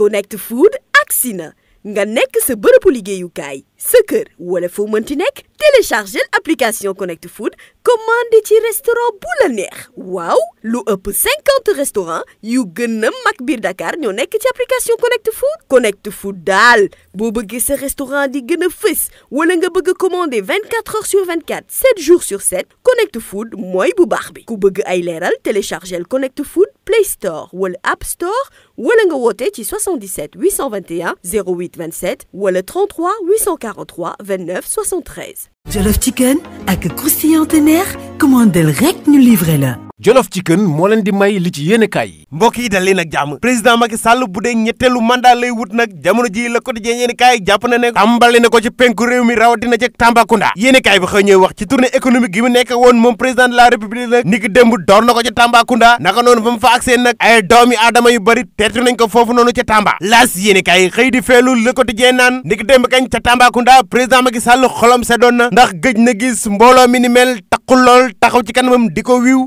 Connect Food agsi na nga nekk sa bërëbu liggéeyukaay sa kër wala foo mënti nekk téléchargel application Connect Food commandé ci restaurant bu la neex waaw lu ëpp cinquante restaurant yu gën a mag biir Dakar ñoo nekk ci application Connect Food Connect Food daal boo bëggee sa restaurant di gën a fës wala nga bëgg a commandé vingt quatre heures sur vingt quatre sept jours sur sept Connect Food mooy bu baax bi ku bëgg ay leeral téléchargel Connect Food Play Store wala App Store wala nga woote ci 77 821 08 27 wala 33 840 43 29 73. Jollof Chicken ak croustillant teneer commandel rek ñu livre la. Jolof ci Chicken moo leen di may li ci yéenekaay yi mbokk yi dal leen ak jàmm président Macky Sall bu dee ñetteelu mandat lay wut nag jamono ji la quotidien yéenekaay yi jàpp na ne tàmbali na ko ci penku réew mi rawatina ca Tambacounda yéenekaay bi xëy ñooy wax ci tournée économique gi mu nekk woon moom président de la république nag niki démb door na ko ca Tambacounda naka noonu ba mu fa agsee nag ay doomi aadama yu bari teertu nañ ko foofu noonu ca Tamba laas yéenekaay yi xëy di feelu le quotidien naan niki démb kañ ca Tambacounda président Macky Sall xolam seddoon na ndax gëj na gis mbooloo mi ni mel taqul lool taxaw ci kanamam di ko wiiw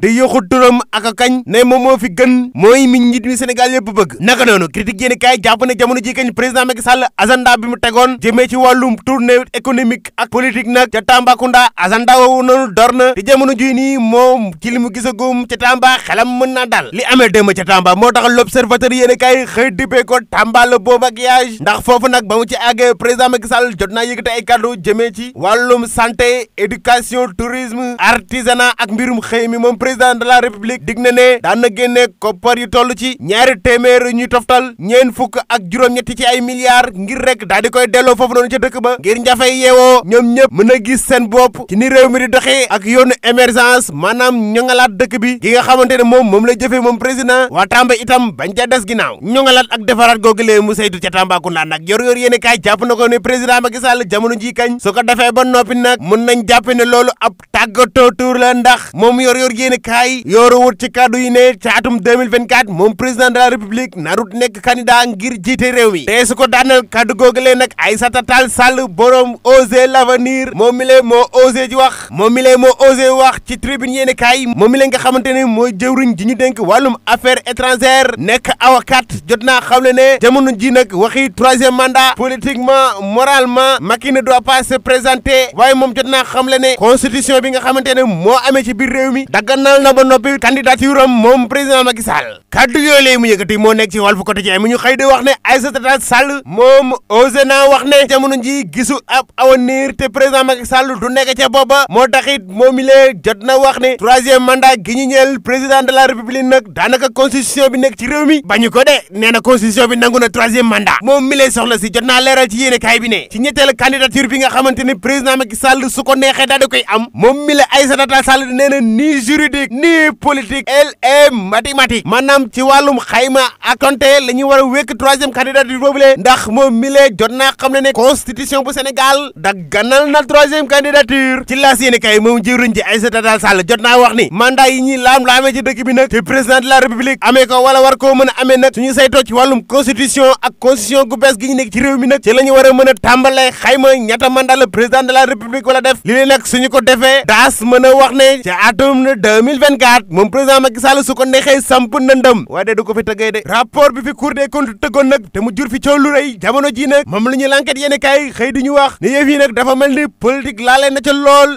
turam ak kañ ne moom moo fi gën mooy mi njiit mi Sénégal yëpp bëgg naka noonu critique yéen kaay jàpp ne jamono ji kañ président Macky Sall agenda bi mu tegoon jëmee ci wàllum tournée économique ak politique nag ca Tambacounda agenda woowu noonu dor na te jamono ji nii moom ci li mu gisagum ca Tamba xelam mën naa daal li amee démb ca Tamba moo tax l'observateur yéen kaay xëy dippee ko Tamba le beau maquillage ndax foofu nag ba mu ci àggee président Macky Sall jot naa yëkkati ay kàddu jëmee ci wàllum santé éducation tourisme artisanat ak mbirum xëy mi moom président la république dig na ne daan na génne koppar ci ñaari téeméer ñuy toftal ñeen fukk ak juróom-ñetti ci ay milliards ngir rek daal di koy delloo foofu noonu ca dëkk ba ngir njafey yeewoo ñoom ñëpp mën a gis seen bopp ci ni réew mi di doxee ak yoonu émergence maanaam ñoŋalaat dëkk bi gi nga xamante ne moom moom la jëfee moom président waa Tamba itam bañ ca des ginnaaw ñoŋalaat ak defaraat googu lee mu saytu ca Tambacounda nag yor yor yéene kaay jàpp na ko ne président Macky Sall ba noppi nag mën nañ jàpp ne loolu ab tàggatoo ndax moom yooru wut ci kàddu yi ne ci atum 2024 moom président de la république narut nekk candidat ngir jiite réew mi te su ko daanal kàddu googalee nag Aïssata Tall Sall borom osé l'avenir moom mi moo osé ji wax moom mi moo osé wax ci tribune yéen kaay moom mi lee nga xamante moo mooy jëwriñ ji ñu dénk wàllum affaire étrangère nekk avocat jot naa xamle ne jamono ji nag waxi troisième mandat politiquement moralement Macky ne doit pas se présenter waaye moom jot naa xamle ne constitution bi nga xamante ne moo amee ci biir réew mi noppi candidature am moom président Macky Sall kaddu yooyu lay mu yëkkati moo nekk ci Walf Quotidien mu ñu xëy di wax ne Aïssata Tall Sall moom osé wax ne jamono ji gisu ab avenir te président Macky du nekk ca booba moo taxit moom ilee jot na wax ne troisième mandat gi ñu ñeel président de la république nag daanaka constitution bi nekk ci réew mi bañu ko de nee na bi nangu na troisième mandat moom mi soxla si jot naa leeral ci yéene kaay bi ne ci ñetteelu la ci politique elle est mathématique maanaam ci wàllum xayma ak tonte la ñuy war a wékk troisième candidature boobule ndax moom mi lee jot naa xam ne ne constitution bu Sénégal da ganal na troisième candidature ci la yéene kay moom jëwriñ ji Aïssata Tall Sall jot naa wax ni mandat yi ñuy laam laamee ci dëkk nag te président de la république amee ko wala war koo mën a amee nag suñu saytoo ci wàllum constitution ak constitution gu bees gi ñu nekk ci réew mi nag ci la ñu war a mën a tàmbalee xayma ñetta la de la république wala def a wax 2024 moom président Macky Sall su ko neexee samp ndëndam waaye de du ko fi tëggee de rapport bi fi Cour des comptes tëggoon nag te mu jur fi coow lu rëy jamono ji nag la ñu lanket yéen kaay xëy di ñu wax ne yëf dafa mel ni politique laale na ca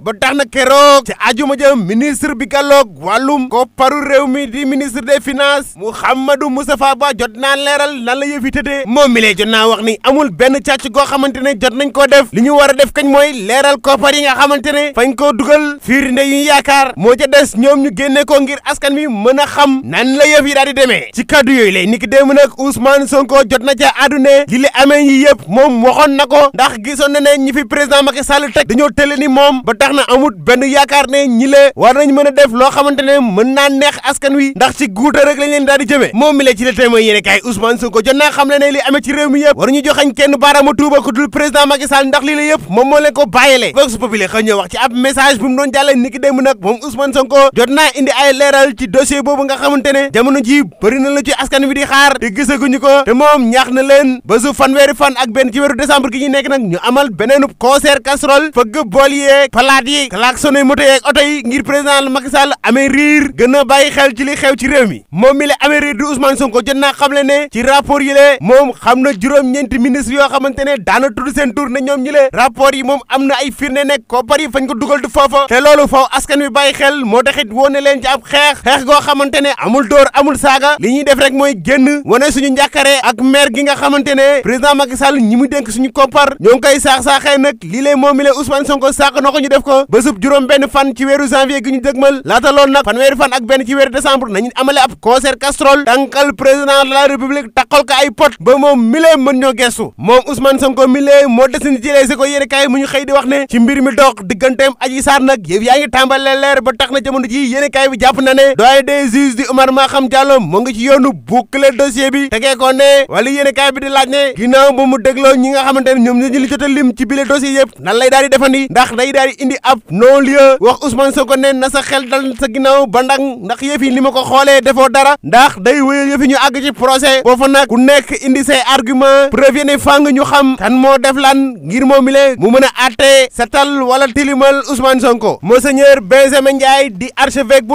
ba tax na keroog ci ajuma ja ministre bi gàlloog wàllum kopparu réew mi di ministre des finances Mouhamadou Moustapha Ba jot naa leeral nan la yëf yi tëddee moom mi lay jot naa wax ni amul benn càcc goo xamante ne jot nañ koo def li ñu war a def kañ mooy leeral koppar yi nga xamante ne fañ koo dugal firnde yu yaakaar moo ca génne ko ngir askan wi mën a xam nan la yëf yi daal di demee ci kàddu yooyu lay niki démb nag Ousmane Sonko jot na ca àddune li li amee yi yëpp moom waxoon na ko ndax na ne ñi fi président Macky Sall teg dañoo tële ni moom na amut benn yaakaar ne ñi la war nañ mën a def loo xamante ne mën naa neex askan wi ndax ci guuta rek lañ leen daal di jëmee mi la ci la témoin yéene kaay Ousmane Sonko jot naa xam ne ne li amee ci réew mi yëpp waruñu joxañ kenn baaraama tuuba ku dul président Macky Sall ndax lii la yëpp moom moo leen ko bàyyile Vox Populi xëy ñoo wax ci ab message bu mu doon jàlle niki démb nag moom Ousmane Sonko jot naa di ay leeral ci dossier boobu nga xamante ne jamono ji bëri na la ci askan wi di xaar te gisaguñu ko te moom ñaax na leen ba fan ak benn ci weeru décembre gi ñu nekk nag ñu amal beneenub concert casserole fëgg bool yeeg palaat yi klaxon yi moto yeeg oto yi ngir président Macky Sall amee riir gën xel ci li xew ci réew mi moom mi la amee riir di Ousmane Sonko jot naa xamle ne ci rapport yi le moom xam na juróom-ñeenti ministre yoo xamante ne daana seen tur ne ñoom ñi le rapport yi moom am na ay firnde nekk koppar yi fañ ko dugal du foofa te loolu faw askan wi bàyyi xel moo taxit leen ci ab xeex xeex goo xamante ne amul dóor amul saaga li ñuy def rek mooy génn wane suñu njàkkare ak maire gi nga président Macky ñi mu dénk suñu koppar ñoo ngi saax-saaxee nag lii lay moom mi lee Ousmane Sonko sàq ñu def ko bésub juróom benn fan ci weeru janvier gi ñu dëgmal laata loolu nag fanweeri fan ak benn ci weeru décembre nañu amale ab concert casserole tànkal président la république takkal ko pot ba moom mi mën ñoo gestu moom Ousmane Sonko mi lee di wax ne ci mbir mi yéenekaay bi jàpp na ne doyen des juges di Oumar Maham Diallo mu ngi ci yoonu boucler dossier bi tegee ko ne wala yéenekaay bi di laaj ne ginnaaw ba mu dégloo ñi nga xamante ne ñoom ñi li jot a lim ci bile dossier yëpp nan lay daal defandi ndax day daal indi ab non lieu wax Ousmane Sonko ne na sa xel dal sa ginnaaw ba ndang ndax yëf yi li ko xoolee defoo dara ndax day wéyal yëf yi ñu àgg ci procès foofa nag ku nekk indi say argument preuve ne fàng ñu xam kan moo def lan mu mën a àtte setal wala tilimal Ousmane Sonko monseigneur Benjamin Ndiaye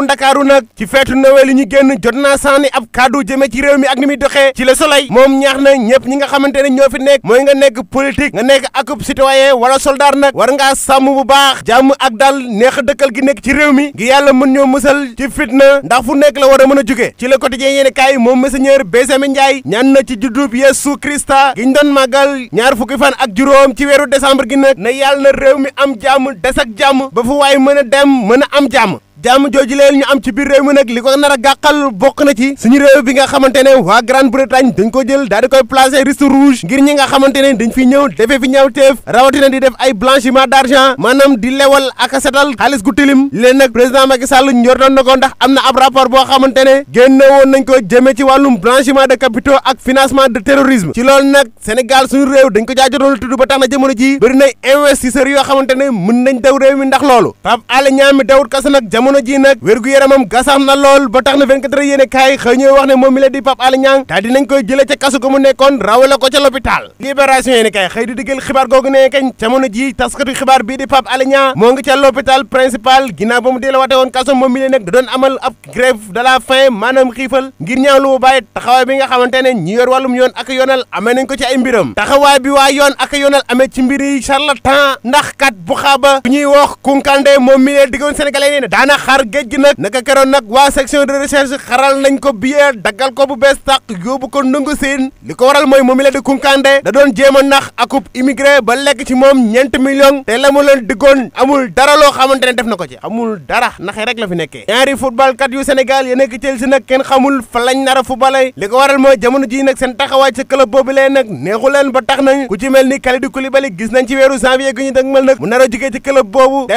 ndakaaru nag ci feetu nowel yi ñu génn jot naa saani ab kaddu jëme ci réew mi ak ni muy doxee ci le soleil moom ñaax na ñëpp ñi nga xamante ne ñoo fi nekk mooy nga nekk politique nga nekk akub citoyen wala soldat nag war ngaa sàmm bu baax jàmm ak daal neex dëkkal gi nekk ci réew mi gi yàlla mën ñoo mësal ci fitna ndax fu nekk la war a mën a jóge ci le quotidien yéen kaay moom monseigneur Benjamin Ndiaye ñaan na ci juddub Yeesu Krista gi ñu doon màggal ñaar fukki fan ak juróom ci décembre gi nag na yàlla na réew mi am jàmm des ak jàmm ba fu waay mën a dem mën a am jàmm jam jooju leen ñu am ci biir réew mi nag li ko nar a gàqal bokk na ci suñu réew bi nga xamante waa Grande-Bretagne dañ ko jël daal di koy placer liste rouge ngir ñi nga xamante ne dañ fi ñëw defee fi ñawteef rawatina di def ay blanchiment d'argent maanaam di lewal ak setal xaalis gu tilim leen nag président Macky Sall njortoon na ko ndax am na ab rapport boo xamante ne génne woon nañ ko jëmee ci wàllum blanchiment de capitaux ak financement de terrorisme ci loolu jamono ji nag gu yaramam gasaam lool ba tax na 24 yéene kaay xëy wax ne moom mi di Pape Alé Niang daal dinañ koy ca kasu ko nekkoon rawale ko ca l'hôpital libération yéene kaay xëy di diggal xibaar googu ne kañ jamono ji taskatu xibaar bii di Pape Alé Niang moo ngi ca l'hôpital principal ginnaaw ba mu dee wate woon kaso moom mi la nag amal ab grève de la faim xiifal ngir ñaaw lu mu bàyyi taxawaay bi nga xamante ne ñi yor xar géej gi nag naka keroon nag waa section de recherche xaral nañ ko billet daggal ko bu bees tàq yóbbu ko ndungu siin li ko waral mooy moom mi la di kunkande da doon jéem a nax akub immigré ba lekk ci moom ñeent million te la mu leen diggoon amul dara loo xamante ne def na ko ci amul dara naxe rek la fi nekkee ñaari football kat yu Sénégal ya nekk Chelsea nag kenn xamul fa lañ nar a footballay li ko waral mooy jamono ji nag seen taxawaay sa club boobu lee nag ci mel ni Kalidou Koulibaly gis nañ ci weeru janvier gi ñu dëgmal nag mu nar a ci club boobu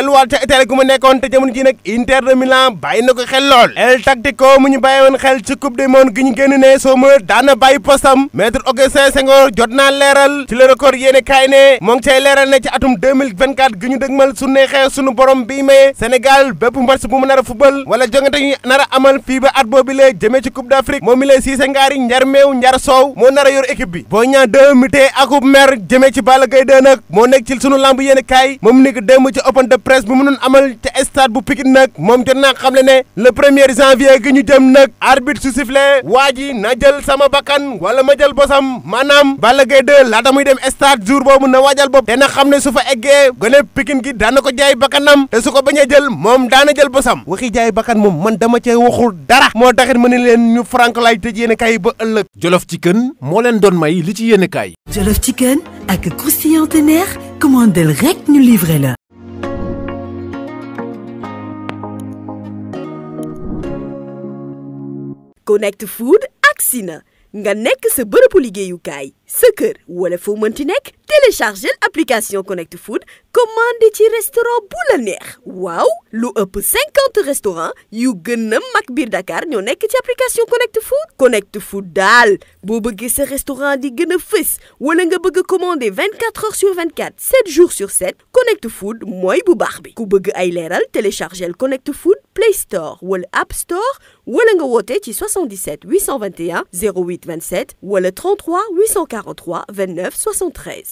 Inter de Milan bàyyi xel lool El Tactico mu ñu bàyyi woon xel ci coupe du monde gi ñu génn ne soo ma daana bàyyi postam maître Augustin Senghor jot naa leeral ci le record kaay ne moo ngi cay ne ci atum gi ñu dëgmal su neexee sunu borom bii maye Sénégal bépp match bu mu nar a football wala ñu nar amal fii ba at boobu la jëmee ci coupe d'Afrique moom mi lay siise ngaari njar meew njar soow moo nar yor équipe bi boo ñaa deux mité akub mer jëmee ci Balla Gaye moom jot na xam ne ne le premier janvier gi ñu jëm nag arbitre su sifflé waa ji na jël sama bakkan wala ma jël bosam maanaam Balla Gaye 2 laata muy dem stade jour boobu na waajal bopp te na xam ne su fa eggee gone Pikine gi daana ko jaay bakkanam te su ko bañ a jël moom daana jël bosam waxi jaay bakkan moom man dama cee waxul dara moo taxit ma ne leen ñu frank lay tëj yéen kaay ba ëllëg jolof ci kën moo leen doon may li ci yéen kaay jolof ci kën ak croustillant teneer commandel rek ñu livré Connect Food agsi na nga nekk sa bërëbu liggéeyukaay. sa kër wala foo mënti nekk téléchargé application Connect Food commandé ci restaurant bu la neex waaw lu ëpp cinquante restaurant yu gën a mag biir Dakar ñoo nekk ci application Connect Food Connect Food daal boo bëggee sa restaurant di gën a fës wala nga bëgg a commandé vingt quatre heures sur vingt quatre sept jours sur sept Connect Food mooy bu baax bi ku bëgg ay leeral téléchargé Connect Food Play Store wala App Store wala nga woote ci 77 821 08 27 wala 33 840 43 29 73.